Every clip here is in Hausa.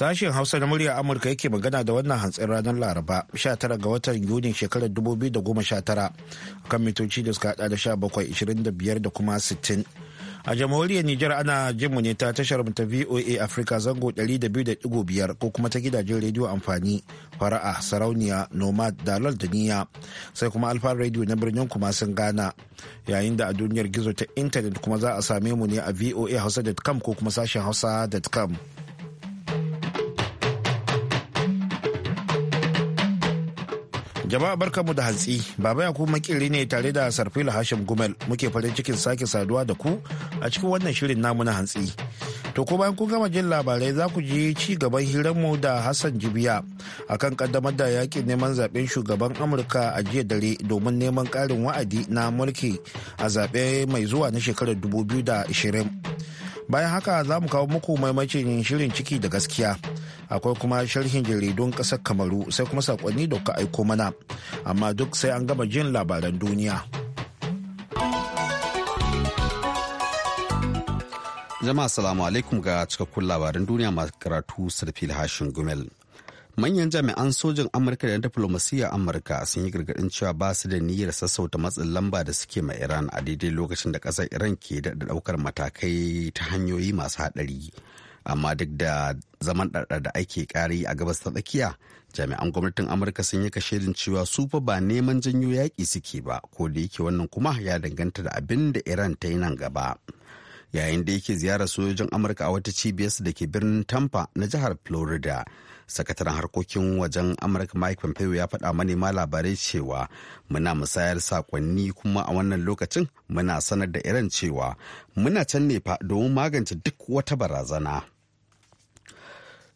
Sashen Hausa na muryar Amurka yake magana da wannan hantsin ranar Laraba 19 ga watan yuni shekarar 2019 kan mitoci da suka da 17.25 da kuma 60. A jamhuriyar Nijar ana jin mu ne ta tashar ta VOA Africa zango 200.5 ko kuma ta gidajen rediyo amfani fara'a sarauniya nomad dalal da niya sai kuma alfa radio na birnin kuma sun gana yayin da a duniyar gizo ta intanet kuma za a same mu ne a voa hausa.com ko kuma sashen hausa.com. Jama'a barkanmu da hantsi, Baba kuma kirri ne tare da Sarfila Hashim Gumel muke farin cikin sake saduwa da ku a cikin wannan shirin namu na hantsi. To ko bayan kun gama jin labarai za ku je ci gaban hiranmu da Hassan Jibiya akan kaddamar da yakin neman zaben shugaban Amurka a jiya dare domin neman karin wa'adi na mulki a zaɓe mai zuwa na shekarar 2020. bayan haka za mu kawo muku maimacin shirin ciki da gaskiya akwai kuma sharhin jaridun ƙasar kamaru sai kuma sakonni da kuka aiko mana amma duk sai an gama jin labaran duniya jama'a salamu alaikum ga cikakkun labaran duniya masu karatu sarfil hashin gumel manyan jami'an sojin amurka da diflomasiyyar amurka sun yi gargaɗin cewa ba su da niyyar sassauta matsin lamba da suke ma iran a daidai lokacin da kasar iran ke da ɗaukar matakai ta hanyoyi masu haɗari amma duk da zaman ɗarɗa da ake ƙari a gabas ta tsakiya jami'an gwamnatin amurka sun yi kashedin cewa su fa ba neman janyo yaƙi suke ba ko da yake wannan kuma ya danganta da abin da iran ta yi nan gaba yayin da yake ziyarar sojojin amurka a wata cibiyarsu da ke birnin tampa na jihar florida sakataren harkokin wajen amurka mike pompeo ya faɗa manema labarai cewa muna musayar sakonni kuma a wannan lokacin muna sanar da iran cewa muna can ne domin magance duk wata barazana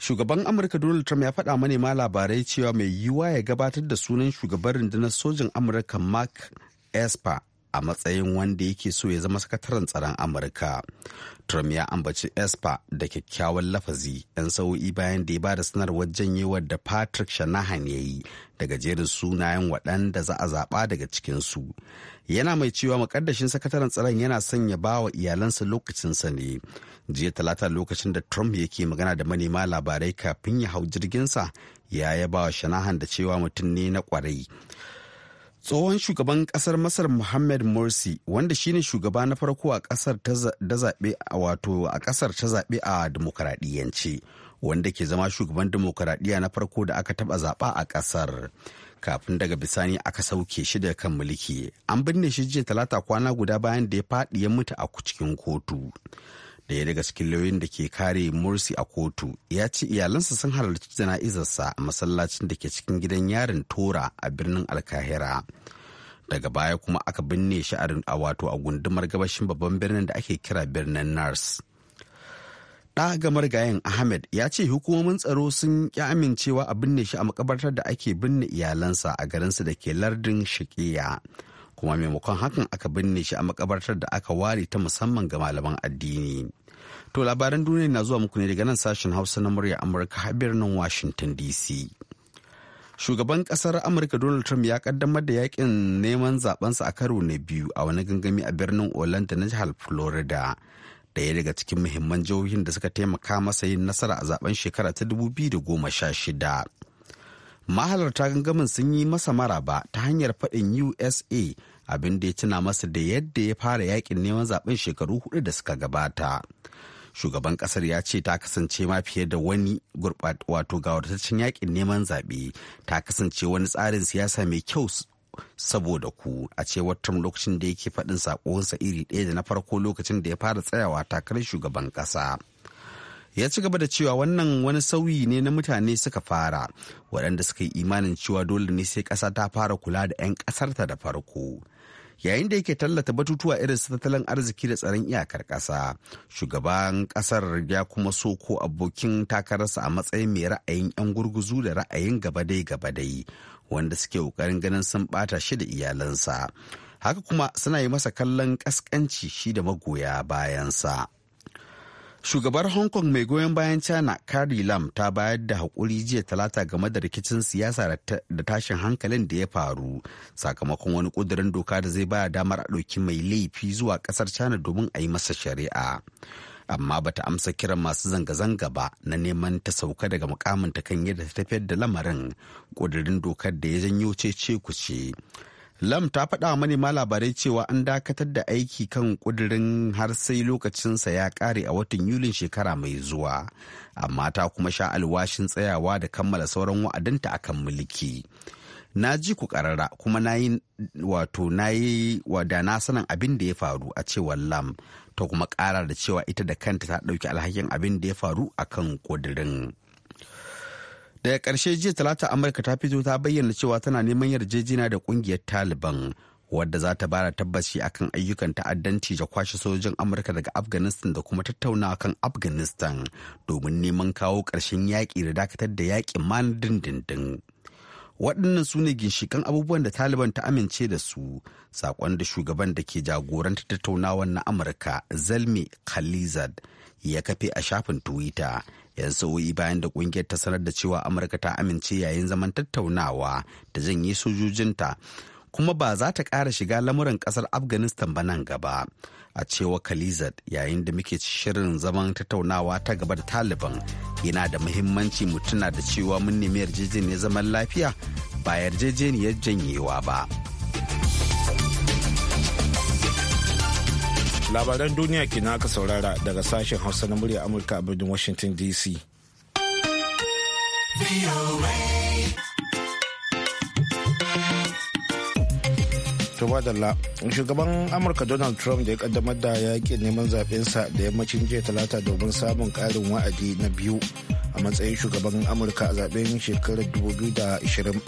shugaban amurka donald trump ya faɗa manema labarai cewa mai yiwuwa ya gabatar da sunan shugaban rundunar sojin amurka mark esper a matsayin wanda yake so ya zama sakataren tsaron amurka trump ya ambaci espa da kyakkyawan lafazi 'yan sa'o'i bayan da ya ba da sanarwar janyewar da patrick shanahan ya yi daga jerin sunayen waɗanda za a zaɓa daga cikinsu yana mai cewa makaddashin sakataren tsaron yana son ya ba wa iyalansa lokacinsa ne jiya talata lokacin da trump yake magana da manema labarai kafin ya hau jirginsa ya yaba wa shanahan da cewa mutum ne na kwarai tsohon shugaban kasar masar muhammad morsi wanda shine shugaba na farko a kasar ta zaɓe a wato a kasar ta zaɓe a demokaradiyyance wanda ke zama shugaban demokaradiyya na farko da aka taɓa zaɓa a kasar kafin daga bisani aka sauke shi da kan mulki an binne shi jiya talata kwana guda bayan da ya faɗi ya mutu a cikin kotu daya daga cikin lauyoyin da ke kare morsi a kotu ya ce iyalansa sun halarci jana'izarsa a masallacin da ke cikin gidan yarin tora a birnin alkahira daga baya kuma aka binne shi a wato a gundumar gabashin babban birnin da ake kira birnin nars ɗa ga marigayen ahmed ya ce hukumomin tsaro sun ƙi amincewa a binne shi a makabartar da ake binne iyalansa a garinsa da ke lardin shakiya kuma maimakon hakan aka binne shi a makabartar da aka ware ta musamman ga malaman addini to labaran duniya na zuwa muku ne daga nan sashen hausa na murya amurka a birnin washington dc shugaban kasar amurka donald trump ya kaddamar da yakin neman zabensa a karo na biyu a wani gangami a birnin orlando na jihar florida daya daga cikin muhimman jihohin da suka taimaka masa yin nasara a zaben shekara ta 2016 mahalarta gangamin sun yi masa maraba ta hanyar faɗin usa abin da ya tuna masa da yadda ya fara yakin neman zaben shekaru hudu da suka gabata shugaban kasar ya ce ta kasance ma fiye da wani wato gawartaccen yakin neman zaɓe ta kasance wani tsarin siyasa mai kyau saboda ku a ce wata lokacin da yake faɗin sakonsa iri ɗaya da na farko lokacin da ya fara tsayawa takarar shugaban ƙasa. ya ci gaba da cewa wannan wani sauyi ne na mutane suka fara waɗanda suka yi imanin cewa dole ne sai ƙasa ta fara kula da 'yan ƙasarta da farko yayin da yake tallata batutuwa irin su tattalin arziki da tsaron iyakar ƙasa shugaban ƙasar ya kuma so ko abokin takararsa a matsayin mai ra'ayin 'yan gurguzu da ra'ayin gabadai-gabadai wanda suke ƙoƙarin ganin sun ɓata shi da iyalansa haka kuma suna yi masa kallon ƙasƙanci shi da magoya bayansa Shugabar Hong Kong mai goyon bayan China Carrie Lam ta bayar da haƙuri jiya talata game da rikicin siyasa da tashin hankalin da ya faru sakamakon wani ƙudurin doka da zai baya damar a ɗauki mai laifi zuwa ƙasar China domin a yi masa shari'a. Amma bata amsa kiran masu zanga-zanga ba na neman ta sauka daga mukamin ta kan yadda ta tafiyar da lamarin ƙudurin dokar da ya janyo ce ce ku ce. Lam ta faɗa manema labarai cewa an dakatar da aiki kan ƙudirin har sai lokacinsa ya ƙare a watan Yulin shekara mai zuwa, amma ta kuma sha alwashin tsayawa da kammala sauran wa'adinta akan mulki. Na ji ku ƙarara kuma na yi wato na yi da na sanin abin da ya faru a cewar Lam ta kuma ƙara da cewa ita da kanta ta ɗauki alhakin abin da ya faru a kan ƙudirin. daga ƙarshe jiya talata amurka ta fito ta bayyana cewa tana neman yarjejina da ƙungiyar taliban wadda za ta bada tabbaci akan ayyukan ta'addanci da kwashe sojojin amurka daga afghanistan da kuma tattaunawa kan afghanistan domin neman kawo ƙarshen yaƙi da dakatar da yaƙin man dindindin waɗannan su ne ginshikan abubuwan da taliban ta amince da su saƙon da shugaban da ke jagorantar tattaunawar na amurka zalmi khalizad ya kafe a shafin twitter yan sa'o'i bayan da kungiyar ta sanar da cewa amurka ta amince yayin zaman tattaunawa da janye sojojinta kuma ba za ta ƙara shiga lamuran ƙasar afghanistan ba nan gaba a cewa khalizat yayin da muke shirin zaman tattaunawa ta gaba da taliban yana da muhimmanci mu tuna da cewa mun nemi yarjejeniyar zaman lafiya ba yarjejeniyar janyewa ba. labaran duniya ke aka saurara daga sashen hausa na murya amurka a birnin washington dc shugaban amurka donald trump da ya kaddamar da yakin neman zaɓensa da yammacin jiya talata domin samun ƙarin wa'adi na biyu a matsayin shugaban amurka a zaɓen shekarar 2020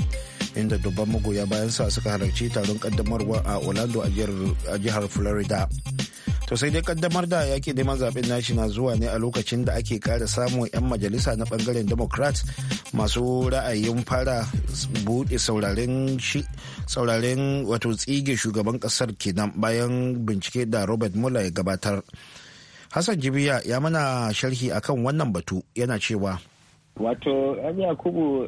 inda dubban magoya bayansa suka halarci taron kaddamarwa a orlando a jihar florida to sai dai kaddamar da yake neman zaben nashi na zuwa ne a lokacin da ake kara samun 'yan majalisa na bangaren democrat masu ra'ayin fara buɗe sauraren wato tsige shugaban kasar kenan bayan bincike da robert muller ya gabatar hassan jibiya ya mana sharhi akan wannan batu yana cewa wato yakubu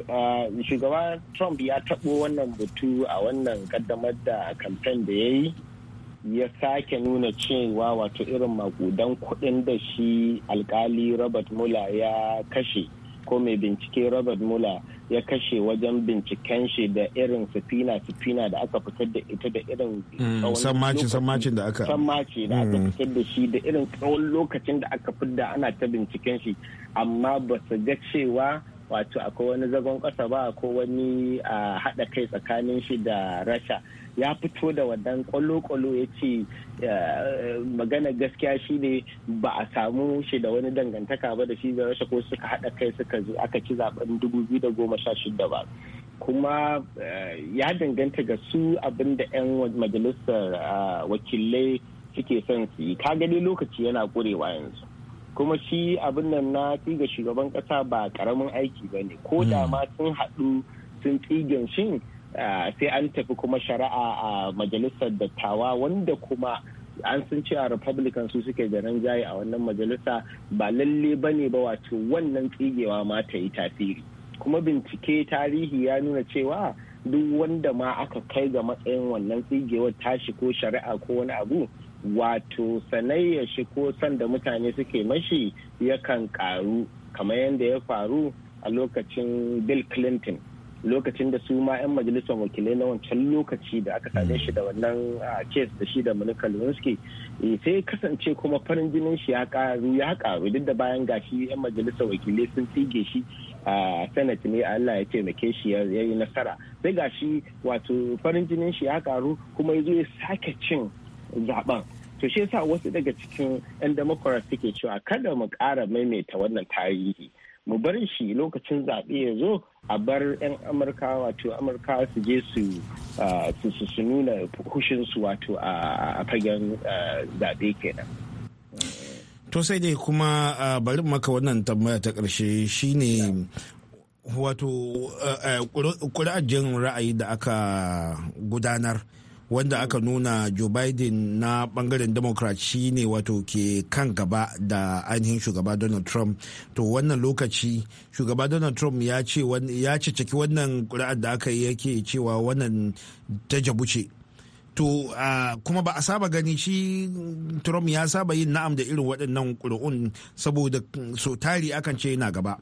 shugaba trump ya taɓo wannan batu a wannan kaddamar da kamfen da ya yi ya sake nuna cewa wato irin magudan kudin da shi alkali robert muller ya kashe ko mai bincike robert muller ya kashe wajen binciken shi da irin sufina sufina da aka fitar da ita da irin mm, sammaci sammacin da aka sammaci da aka mm. fitar da shi da irin tsawon lokacin da aka fitar ana ta binciken shi amma ba su ga cewa wato akwai wani zagon ƙasa ba ko wani hada kai tsakanin shi da rasha ya fito da wadan kwallo-kwallo ya ce magana gaskiya shi ne ba a samu shi da wani dangantaka ba da shi da rasha ko suka haɗa kai suka zo aka ci zaben 2016 ba kuma eh, ya danganta ga su abin da 'yan majalisar wakilai suke son su yi ka gani lokaci yana ƙurewa yanzu kuma shi abin nan na tsiga shugaban kasa ba karamin aiki ba ne ko da hmm. ma sun haɗu sun tsigen shi sai an tafi kuma shari'a a majalisar dattawa wanda kuma an sun a republican su suke da jayi a wannan majalisa ba lalle ba ne ba wato wannan tsigewa ma ta yi tasiri kuma bincike tarihi ya nuna cewa duk wanda ma aka kai ga matsayin wannan tsigewar tashi ko shari'a ko wani abu wato sanayya shi ko san da mutane suke mashi yakan karu kamar yadda ya faru a lokacin bill clinton lokacin da su ma 'yan majalisar wakilai na wancan lokaci da aka same shi da wannan case da shi da Monica Lewinsky eh, sai kasance kuma farin jinin shi ya karu ya karu duk da bayan gashi 'yan majalisar wakilai sun tsige shi a senate ne Allah ya taimake shi ya yi nasara sai gashi wato farin jinin shi ya karu kuma ya zo ya sake cin zaben to shi yasa wasu daga cikin 'yan democrat suke cewa kada mu ƙara maimaita wannan tarihi mu bar shi lokacin zaɓe ya zo a bar 'yan amurka wato amurka su je su su nuna hushinsu wato a fagen zaɓe kenan to sai dai kuma bari maka wannan tambaya ta ƙarshe shine wato ƙuri'ar ra'ayi da aka gudanar wanda aka nuna joe biden na bangaren democrat shi ne wato ke kan gaba da ainihin shugaba donald trump to wannan lokaci shugaba donald trump ya ce ya ciki wannan kuri'ar da aka yi yake cewa wannan ta jabu ce to uh, kuma ba a saba gani shi trump ya saba yin na'am da irin waɗannan ƙuri'un saboda so tari akan ce yana gaba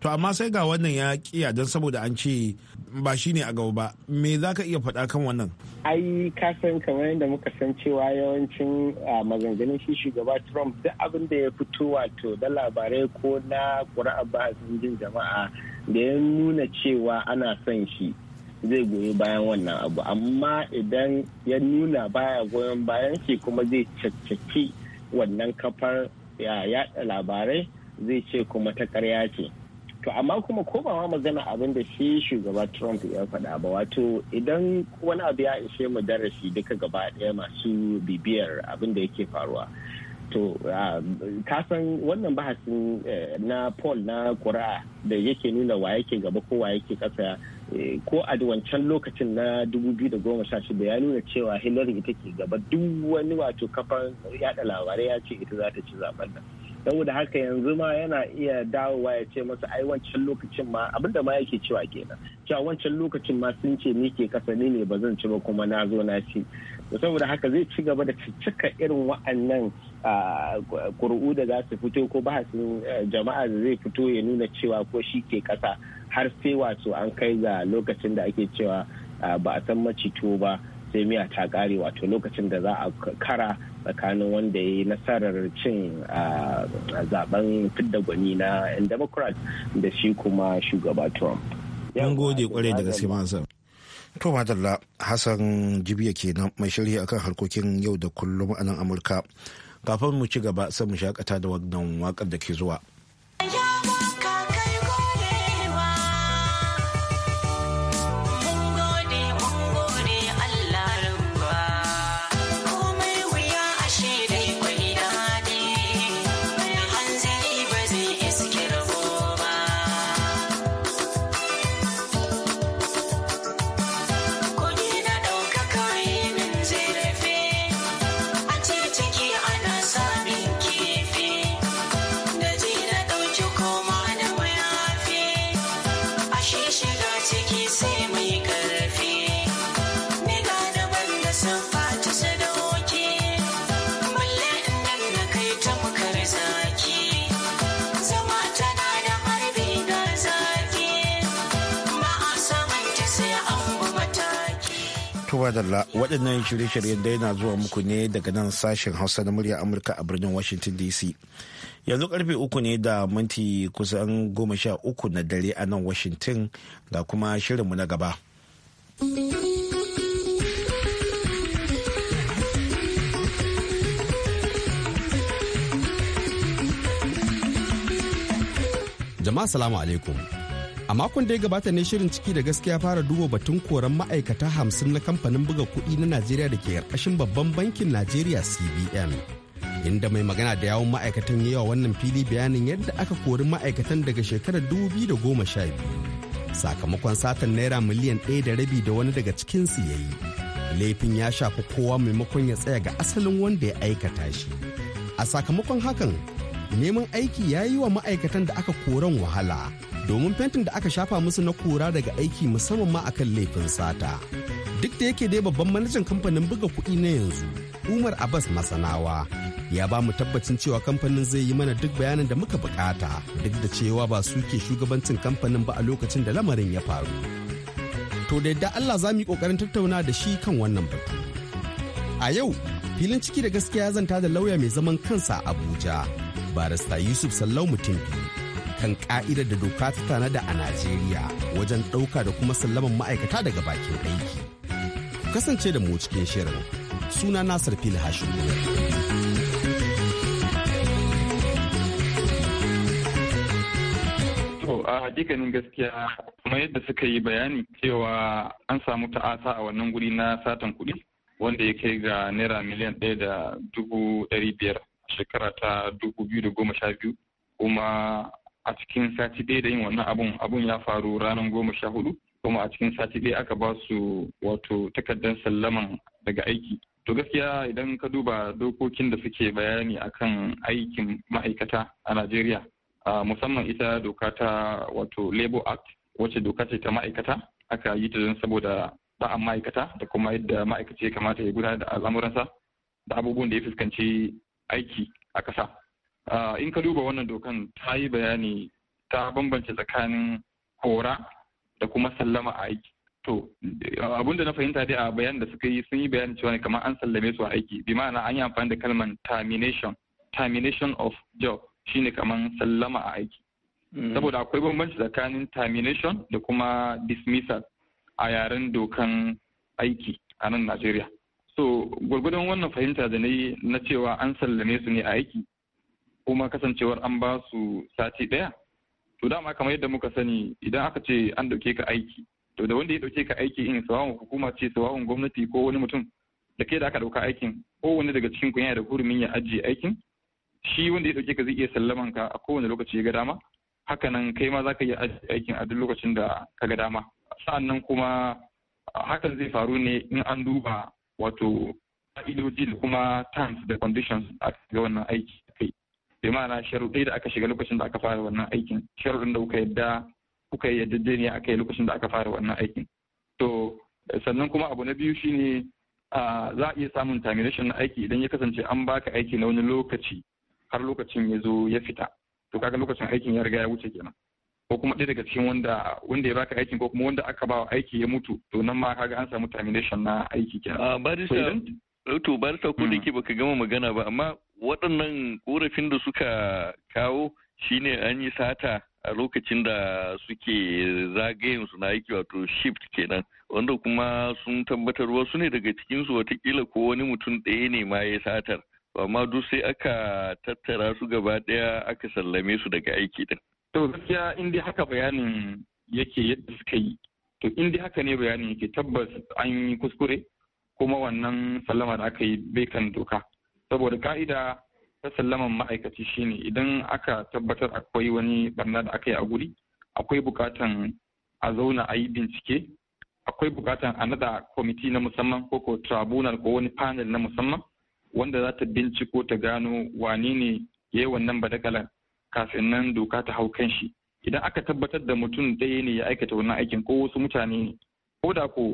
to amma sai ga wannan ya kiya don saboda an ce ba shi ne a gaba ba me za ka iya faɗa kan wannan ai ka san kamar yadda muka san cewa yawancin maganganun shi shugaba trump duk abin da ya fito wato da labarai ko na ƙura'a ba a jin jama'a da ya nuna cewa ana son shi zai goyi bayan wannan abu amma idan ya nuna baya goyon bayan shi kuma zai caccaki wannan kafar yaɗa labarai zai ce kuma ta karya ce to amma kuma komawa magana abin da shi shugaba trump ya faɗa ba wato idan wani abu ya ishe mu darasi duka gaba ɗaya masu bibiyar abin da yake faruwa to ah, kasan wannan bahasin eh, na paul na kura da yake nuna wa yake gaba ko wa yake ƙasa eh, ko a wancan lokacin na 2016 ya nuna cewa hillary ita ke gaba duk wani wato kafar yada labarai ya ce ita za ta ci zaben nan saboda haka yanzu ma yana iya dawowa ya ce masa ai wancan lokacin ma abinda ma yake cewa kenan cewa wancan lokacin ma sun ce ni ke kasa ne ba zan ci ba kuma na zo na ci saboda haka zai ci gaba da cika irin wa'annan ƙuri'u da za su fito ko bahasin eh, jama'a da zai fito ya nuna cewa ko shi ke kasa har sai wato an kai ga lokacin da ake cewa ba a san macito ba sai miya ta kare wato lokacin da za a kara tsakanin wanda ya yi nasarar cin zaben fidda gwani na 'yan democrat da shi kuma shugaba trump yan gode kwarai da gaske masu to madalla hassan jibiya kenan mai shirya akan harkokin yau da kullum a nan amurka kafin mu ci gaba sai mu shakata da wannan wakar da ke zuwa madalla waɗannan shirye-shiryen da yana zuwa muku ne daga nan sashen hausa na murya amurka a birnin washington dc yanzu karfe uku ne da minti kusan goma sha uku na dare a nan washington da kuma shirinmu na gaba jama'a salamu alaikum A makon da ya gabata ne shirin ciki da gaskiya fara duba batun koran ma'aikata hamsin na kamfanin buga kuɗi na Najeriya da ke ƙarƙashin babban bankin Najeriya CBN. Inda mai magana da yawon ma'aikatan yi yawa wannan fili bayanin yadda aka kori ma'aikatan daga shekarar dubu da goma sha biyu. sakamakon satar naira miliyan ɗaya da rabi da wani daga cikinsu ya yi. Laifin ya shafi kowa maimakon ya tsaya ga asalin wanda ya aikata shi. A sakamakon hakan neman aiki ya yi wa ma'aikatan da aka koran wahala domin fentin da aka shafa musu na kora daga aiki musamman ma akan laifin sata duk da yake dai babban manajan kamfanin buga kuɗi na yanzu umar abbas masanawa ya ba mu tabbacin cewa kamfanin zai yi mana duk bayanin da muka bukata duk da cewa ba su ke shugabancin kamfanin ba a lokacin da lamarin ya faru to da yadda allah za mu yi kokarin tattauna da shi kan wannan batu a yau filin ciki da gaskiya zanta da lauya mai zaman kansa abuja barista yusuf sallau mutum biyu kan ka'idar da doka ta tanada a najeriya wajen ɗauka da kuma sallaman ma'aikata daga bakin aiki kasance da mu cikin shirin suna nasir Fili hashin a hakikanin gaskiya kuma yadda suka yi bayani cewa an samu ta'asa a wannan guri na satan kuɗi wanda ya kai ga naira miliyan ɗaya da dubu ɗari biyar shekara ta biyu kuma a cikin sati ɗaya da yin wannan abun abun ya faru ranar goma sha hudu kuma a cikin sati ɗaya aka ba su wato takardar sallaman daga aiki to gaskiya idan ka duba dokokin da suke bayani akan aikin ma'aikata a najeriya musamman ita doka ta wato labor act wacce doka ce ta ma'aikata aka yi ta don saboda ba'an ma'aikata da kuma yadda ma'aikaci ya kamata ya gudanar da al'amuransa da abubuwan da ya fuskanci aiki a ƙasa. In ka duba wannan dokan ta yi bayani ta bambance tsakanin kora da kuma sallama a aiki. To, abin da na fahimta dai a bayan da suka yi sun yi bayani cewa kamar an sallame su a aiki, bi ma'ana an yi amfani da kalman termination, termination of job shine kamar sallama a aiki. Hmm. Saboda akwai bambanci tsakanin termination da kuma dismissal a yaren dokan aiki a nan Najeriya. So gwargwadon wannan fahimta da na yi na cewa an sallame su ne a aiki kuma kasancewar an ba su sati ɗaya. To dama kamar yadda muka sani idan aka ce an ɗauke ka aiki to da wanda ya ɗauke ka aiki in sawawun hukuma ce sawawun gwamnati ko wani mutum da kai da aka ɗauka aikin ko wani daga cikin ku yana da hurumin ya ajiye aikin shi wanda ya ɗauke ka zai iya sallaman ka a kowane lokaci ya ga dama hakanan kai ma za ka yi aikin a duk lokacin da ka ga dama sa'annan kuma hakan zai faru ne in an duba wato ka'idoji da kuma terms da conditions aka ga wannan aiki kai bai ma'ana sharuɗai da aka shiga lokacin da aka fara wannan aikin sharuɗin da kuka yadda kuka yi ne aka yi lokacin da aka fara wannan aikin to sannan kuma abu na biyu shine za a iya samun termination na aiki idan ya kasance an baka aiki na wani lokaci har lokacin ya zo ya fita to kaga lokacin aikin ya riga ya wuce kenan ko kuma ɗaya daga cikin wanda wanda ya baka aikin ko kuma wanda aka ba aiki ya mutu to nan ma kaga an samu termination na aiki kenan. A ah, barista eh to barista ko da hmm. ke baka gama magana ba amma waɗannan korafin da suka kawo shine an yi sata a lokacin da suke zagayen su na aiki wato shift kenan wanda kuma sun tabbatar wasu ne daga cikinsu watakila ko wani mutum ɗaya ne ma ya satar amma duk sai aka tattara su gaba ɗaya aka sallame su daga aiki din. to gaskiya in dai haka bayanin yake yadda suka yi to in dai haka ne bayanin yake tabbas an yi kuskure kuma wannan sallama da aka yi bai kan doka saboda ka'ida ta sallaman ma'aikaci shine idan aka tabbatar akwai wani barna da aka yi a guri akwai bukatan a zauna a yi bincike akwai bukatan a nada kwamiti na musamman ko ko tribunal ko wani panel na musamman wanda za ta binciko ta gano wane ne ya yi wannan badagalan kafin nan doka ta hau kan shi idan aka tabbatar da mutum ɗaya ne ya aikata wannan aikin ko wasu mutane ko da ko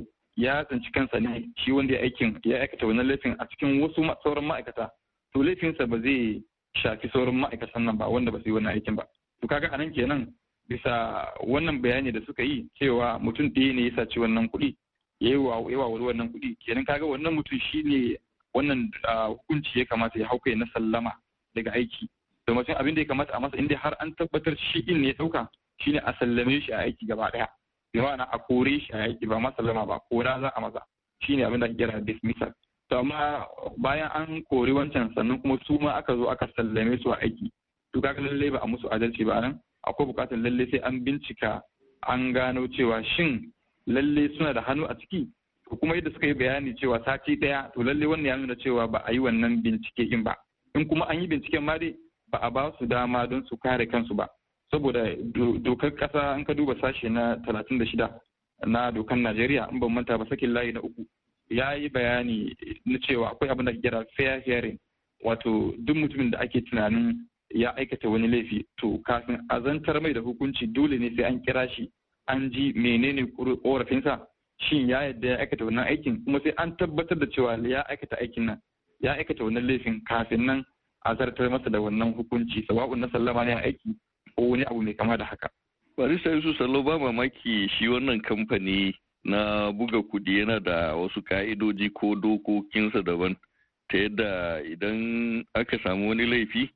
ya tsinci kansa ne shi wanda ya aikin ya aikata wannan laifin a cikin wasu sauran ma'aikata to laifinsa ba zai shafi sauran ma'aikatan nan ba wanda ba su yi wannan aikin ba to kaga anan kenan bisa wannan bayani da suka yi cewa mutum ɗaya ne ya saci wannan kuɗi ya yi wa wannan kuɗi kenan kaga wannan mutum shi ne wannan ah, hukunci ya kamata ya hauka na sallama daga aiki domin abin da ya kamata a masa inda har an tabbatar shi din ne ya dauka shine a sallame shi a aiki gaba daya bi ma'ana a kore shi a aiki ba ma ba kora za a masa shine abin da ake kira dismissal to amma bayan an kori wancan sannan kuma su ma aka zo aka sallame su a aiki to kaga lalle ba a musu adalci ba nan akwai bukatar lalle sai an bincika an gano cewa shin lalle suna da hannu a ciki to kuma yadda suka yi bayani cewa sati daya to lalle wannan ya nuna cewa ba a yi wannan bincike din ba in kuma an yi binciken ma dai ba a ba su dama don su kare kansu ba saboda dokar kasa an ka duba sashe na 36 na dokar Najeriya in ban manta ba sakin layi na uku ya yi bayani na cewa akwai abin da gira fair hearing wato duk mutumin da ake tunanin ya aikata wani laifi to kafin azantar mai da hukunci dole ne sai an kira shi an ji menene korafinsa shin ya yadda ya aikata wannan aikin kuma sai an tabbatar da cewa ya aikata aikin nan ya aikata wannan laifin kafin nan an zartar masa da wannan hukunci sawa'un na sallama ne a aiki ko wani abu mai kama da haka. Barista Yusuf Sallo ba mamaki shi wannan kamfani na buga kudi yana da wasu ka'idoji ko dokokinsa daban ta yadda idan aka samu wani laifi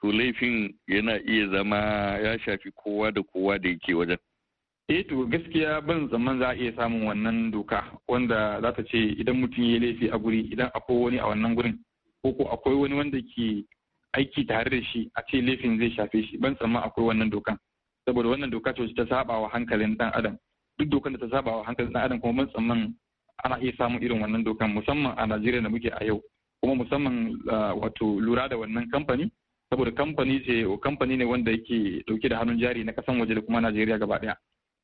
to laifin yana iya zama ya shafi kowa da kowa da yake wajen. Eh to gaskiya ban zaman za a iya samun wannan doka wanda za ta ce idan mutum ya laifi a guri idan akwai wani a wannan gurin ko ko akwai wani wanda ke aiki tare da shi a ce laifin zai shafe shi ban tsamma akwai wannan dokan saboda wannan doka ce ta saba wa hankalin dan adam duk dokan da ta saba wa hankalin dan adam kuma ban tsamman ana iya samun irin wannan dokan musamman a Najeriya da muke a yau kuma musamman ah, wato lura da wannan kamfani saboda kamfani ce kamfani ne wanda yake dauke da hannun jari na kasan waje da kuma Najeriya gaba daya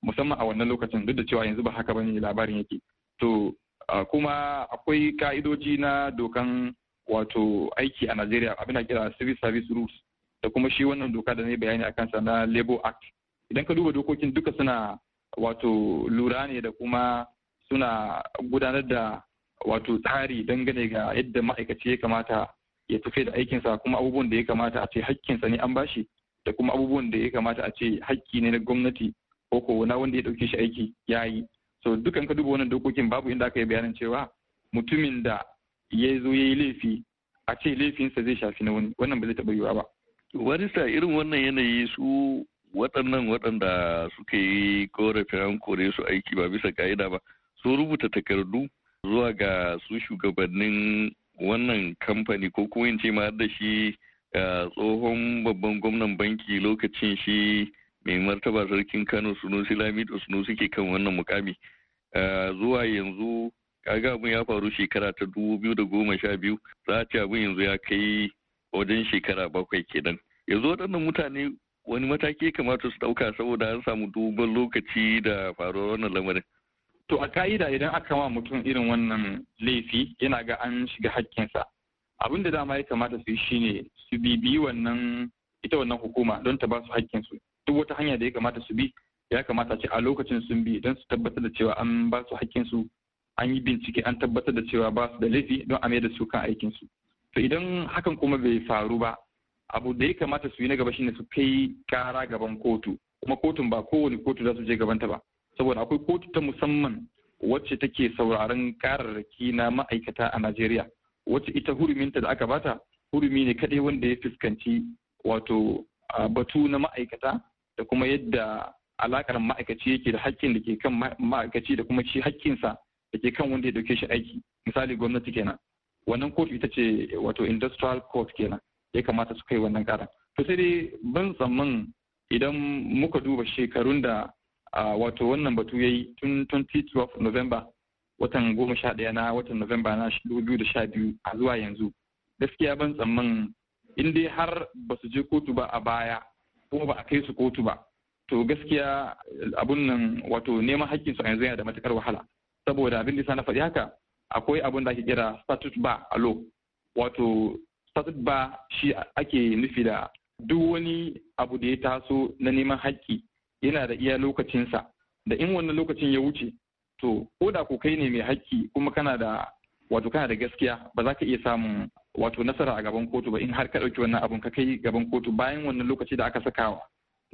musamman a wannan lokacin duk da cewa yanzu ba haka bane labarin yake to ah, kuma akwai ka'idoji na dokan wato aiki a Najeriya abin da kira civil service rules da kuma shi wannan doka da ne bayani a kansa na labor act idan ka duba dokokin duka suna wato lura ne da kuma suna gudanar da wato tsari dangane ga yadda ma'aikaci ya kamata ya tafi da aikinsa kuma abubuwan da ya kamata a ce hakkinsa ne an bashi da kuma abubuwan da ya kamata a ce hakki ne na gwamnati ko ko na wanda ya dauke shi aiki ya yi so dukan ka duba wannan dokokin babu inda aka yi bayanin cewa mutumin da ya zo ya yi laifi a ce laifinsa zai shafi na wani wannan ba zai taɓa yiwuwa ba. wani irin wannan yanayi su waɗannan waɗanda suka yi korafin an kore su aiki ba bisa ka'ida ba sun rubuta takardu zuwa ga su shugabannin wannan kamfani ko kuma ce ma da shi tsohon babban gwamnan banki lokacin shi mai martaba sarkin kano sunusi lamido sunusi ke kan wannan mukami zuwa yanzu kaga abin ya faru shekara ta dubu biyu da goma sha biyu za a ce abin yanzu ya kai wajen shekara bakwai kenan yanzu waɗannan mutane wani mataki kamata su ɗauka saboda an samu duban lokaci da faruwar wannan lamarin to a ka'ida idan aka ma mutum irin wannan laifi yana ga an shiga hakkinsa abin da dama ya kamata su yi shine su bibiyi wannan ita wannan hukuma don ta ba su hakkinsu duk wata hanya da ya kamata su bi ya kamata ce a lokacin sun bi don su tabbatar da cewa an ba su hakkinsu an yi bincike an tabbatar da cewa ba su da laifi don a mai da su kan aikinsu to idan hakan kuma bai faru ba abu da ya kamata su yi na gaba shine su kai kara gaban kotu kuma kotun ba kowane kotu za su je gabanta ba saboda akwai kotu ta musamman wacce take sauraron kararraki na ma'aikata a Najeriya wacce ita huruminta da aka bata hurumi ne kadai wanda ya fuskanci wato batu na ma'aikata da kuma yadda alakar ma'aikaci yake da hakkin da ke kan ma'aikaci da kuma shi hakkinsa da ke kan wanda ya dauke shi aiki misali gwamnati kenan wannan kotu ita ce wato industrial court kenan ya kamata su kai wannan karan to sai dai ban tsammanin idan muka duba shekarun da wato wannan batu ya yi tun 2012 november watan goma sha daya na watan november na 2012 a zuwa yanzu gaskiya ban tsammanin in dai har ba su je kotu ba a baya kuma ba a kai su kotu ba to gaskiya abun nan wato neman hakkin su a yanzu yana da matukar wahala saboda abin da na faɗi haka akwai abin da ake kira satut ba a lo wato satut ba shi ake nufi da duk wani abu da ya taso na neman haƙƙi yana da iya lokacinsa da in wannan lokacin ya wuce to ko da ko kai ne mai haƙƙi kuma kana da wato kana da gaskiya ba za ka iya samun wato nasara a gaban kotu ba in har ka ɗauki wannan abun ka kai gaban kotu bayan wannan lokaci da aka sakawa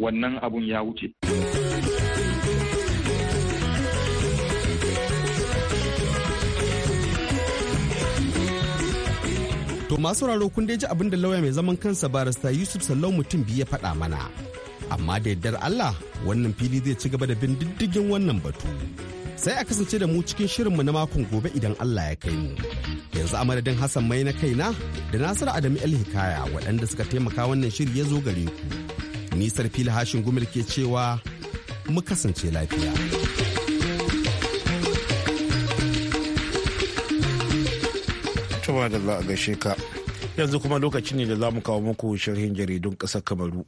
wannan abun ya wuce. To masu raro kun dai ji abin da lauya mai zaman kansa barista Yusuf Sallau mutum biyu ya faɗa mana. Amma da yardar Allah wannan fili zai ci gaba da bin diddigin wannan batu. Sai a kasance da mu cikin shirinmu na makon gobe idan Allah ya kai mu. Yanzu a madadin Hassan mai na kai na da Nasiru Adamu El Hikaya waɗanda suka taimaka wannan shiri ya zo gare ku. Nisar fili hashin gumil ke cewa mu kasance lafiya. Tuba da za a gaishe ka yanzu kuma lokaci ne da za mu kawo muku sharhin jaridun ƙasar kamaru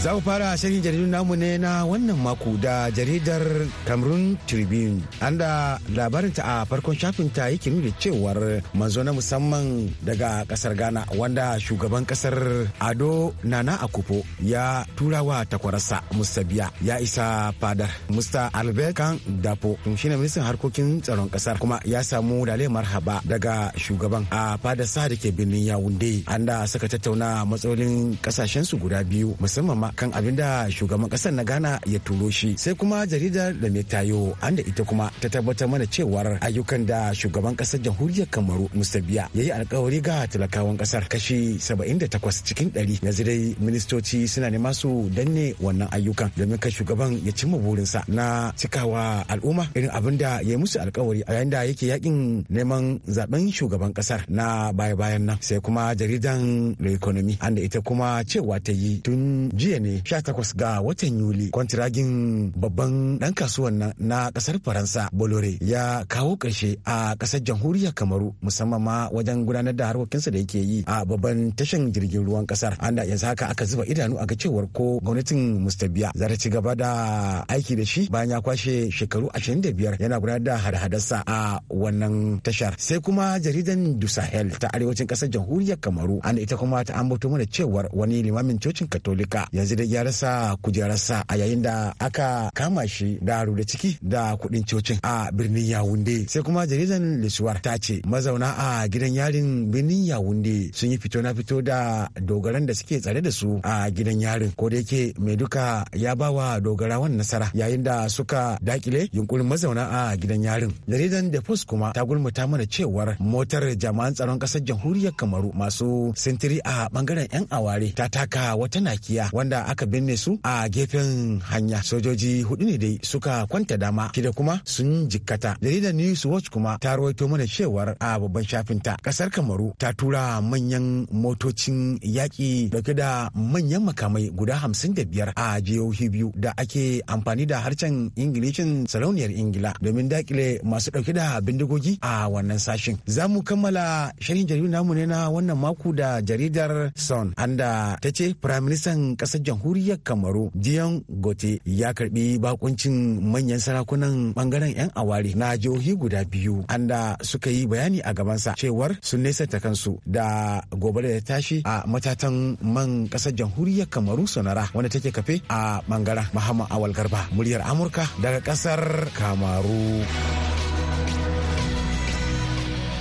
Za mu fara shirin jaridun namu ne na wannan mako da jaridar Cameroon Tribune. An da labarinta a farkon shafin ta yake nuna cewar manzo na musamman daga kasar Ghana wanda shugaban kasar Ado Nana Akufo ya turawa takwararsa takwarasa. Biya ya isa fadar. Musta Albert Kan Dapo ne ministan harkokin tsaron kasar kuma ya samu dale marhaba daga shugaban a fadar sa da ke birnin Yaounde. An da suka tattauna matsalolin kasashen su guda biyu musamman ma kan abin da shugaban kasar na ghana ya turo shi sai kuma jaridar da mai tayo an da ita kuma ta tabbatar mana cewar ayyukan da shugaban kasar jamhuriyar kamaru mustabiya ya yi alkawari ga talakawan kasar kashi 78 cikin 100 na zirai ministoci suna nema su danne wannan ayyukan domin kai shugaban ya cimma burinsa na cikawa al'umma irin abin da ya yi musu alkawari a yayin da yake yakin neman zaben shugaban kasar na baya-bayan nan sai kuma jaridan da economy an da ita kuma cewa ta yi tun jiya ne 18 ga watan Yuli kwantiragin babban dan kasuwan nan na kasar Faransa Bolore ya kawo ƙarshe a kasar jamhuriyar Kamaru musamman ma wajen gudanar da harkokinsa da yake yi a babban tashan jirgin ruwan kasar. An da yanzu haka aka zuba idanu a ga cewar ko gwamnatin Mustabiya za ta ci gaba da aiki da shi bayan ya kwashe shekaru 25 yana gudanar da hada-hadarsa a wannan tashar. Sai kuma jaridan Du Sahel ta arewacin kasar jamhuriyar Kamaru an ita kuma ta ambato mana cewar wani limamin cocin Katolika yanzu yanzu da ya rasa kujerarsa a yayin da aka kama shi da da ciki da kuɗin cocin a birnin yawunde sai kuma jaridan lesuwar ta ce mazauna a gidan yarin birnin yawunde sun yi fito na fito da dogaran da suke tsare da su a gidan yarin ko da yake mai duka ya ba wa dogarawan nasara yayin da suka dakile yunkurin mazauna a gidan yarin jaridan da post kuma ta gulmuta mana cewar motar jami'an tsaron kasar jamhuriyar kamaru masu sintiri a bangaren yan aware ta taka wata nakiya wanda aka binne su a gefen hanya sojoji hudu ne dai suka kwanta dama kida kuma sun jikkata jaridar news watch kuma ta rawaito mana cewar a babban shafinta kasar kamaru ta tura manyan motocin yaƙi dauke da manyan makamai guda hamsin da biyar a jihohi biyu da ake amfani da harshen ingilishin sarauniyar ingila domin dakile masu dauke da bindigogi a wannan sashen za mu kammala shirin jaridar namu ne na wannan mako da jaridar son anda ta ce firaministan ƙasar jamhuriyar kamaru dion gote ya karbi bakuncin manyan sarakunan bangaren yan awari na jihohi guda biyu anda suka yi bayani a gabansa cewar sun nesanta kansu da gobe da tashi a matatan man kasar jamhuriyar kamaru sonara wanda take kafe a bangaren muhammad awal garba muryar amurka daga kasar kamaru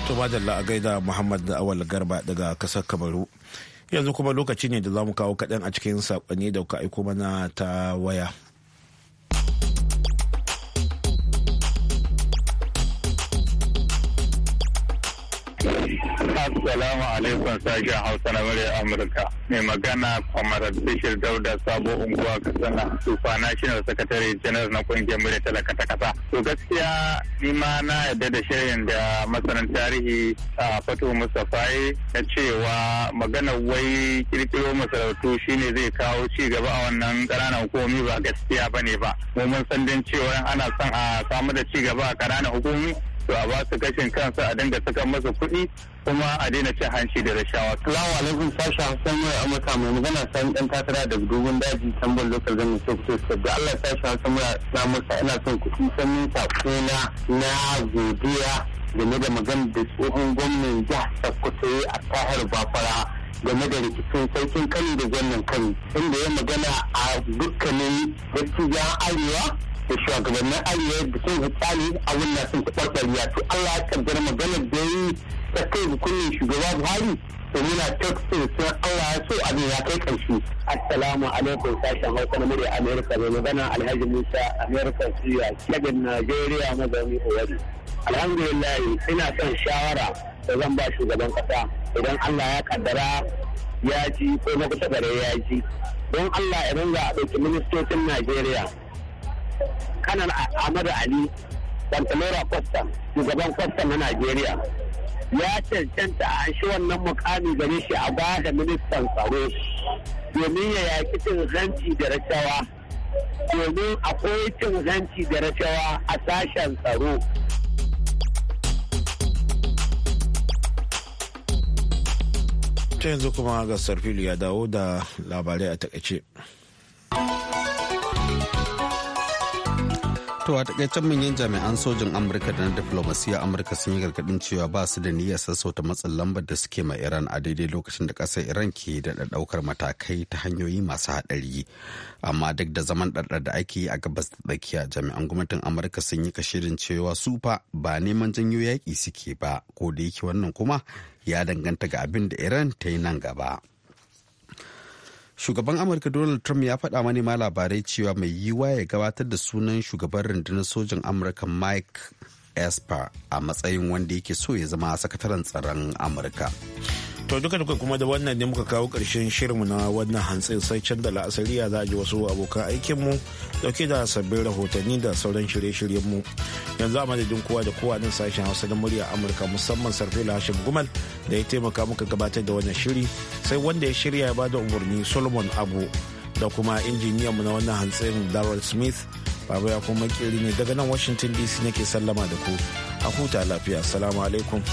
to a gaida muhammad awal garba daga kasar kamaru yanzu kuma lokaci ne da za mu kawo kaɗan a cikin saƙonni da kuka aiko mana ta waya Assalamu alaikum sashen Hausa na murya Amurka. Mai magana kwamarar Bishir Dauda Sabo Unguwa Katsina, Sufa National Secretary General na kungiyar murya talaka ta kasa. To gaskiya ni ma na yadda da shirin da masanin tarihi a Fatu Mustafai na cewa magana wai kirkiro masarautu shine zai kawo ci gaba a wannan ƙananan hukumi ba gaskiya bane ba. Mu mun san cewa ana son a samu da ci gaba a ƙananan hukumi to a basu su gashin kansa a dinga saka masa kuɗi kuma a daina cin hanci da rashawa. Salamu alaikum sashi Hassan mai Amurka mai magana sani ɗan takara da dogon daji tambon lokal zan so ku so da Allah sashi Hassan mai Amurka ina son kuɗi sanin sako na na godiya game da magana da tsohon gwamnan jihar Sokoto a tahar Bafara. game da rikicin sarkin kano da gwamnan kano inda ya magana a dukkanin dattijan arewa da shugabannin arewa da sun tsani a wannan sun taɓarɓariya to allah ya kaddara maganar da yi ta kai hukumin shugaba buhari to muna tafiya sun allah ya so abin ya kai ƙarshe assalamu alaikum sashen hausa na murya amerika mai magana alhaji musa amerika siya kebin najeriya mazauni owari alhamdulillah ina son shawara da zan ba shugaban kasa idan allah ya kaddara ya ji ko na kusa gare ya ji don allah idan za a ɗauki ministocin najeriya kanan ahmadu ali bantalora kwastam shugaban kwastam na najeriya ya cancanta a shi wannan mukami gare shi a ba da ministan tsaro domin ya yaki cin hanci da rashawa domin akwai cin hanci da rashawa a sashen tsaro ta yanzu kuma ga sarfili ya dawo da labarai a takaice. To a takaicen manyan jami'an sojin Amurka da na diplomasiya Amurka sun yi gargadin cewa ba su da niyyar sassauta matsin lambar da suke ma Iran a daidai lokacin da kasar Iran ke da ɗaukar matakai ta hanyoyi masu haɗari. Amma duk da zaman ɗarɗar da ake yi a gabas da tsakiya jami'an gwamnatin Amurka sun yi kashirin cewa su fa ba neman janyo yaƙi suke ba ko da yake wannan kuma ya danganta ga abin da Iran ta yi nan gaba. shugaban amurka donald trump ya faɗa manema labarai cewa mai yiwa ya gabatar da sunan shugaban rundunar sojan amurka mike esper a matsayin wanda yake so ya zama sakataren tsaron amurka to duka duka kuma da wannan ne muka kawo ƙarshen shirinmu na wannan hantsin sai can da la'asariya za a ji wasu abokan aikinmu dauke da sabbin rahotanni da sauran shirye-shiryenmu yanzu a madadin kowa da kowa nan sashen hausa na murya amurka musamman sarfe hashim gumal da ya taimaka muka gabatar da wannan shiri sai wanda ya shirya ya bada umarni solomon abu da kuma injiniyan mu na wannan hantsin darrell smith baba ya kuma makeri ne daga nan washington dc nake sallama da ku a huta lafiya assalamu alaikum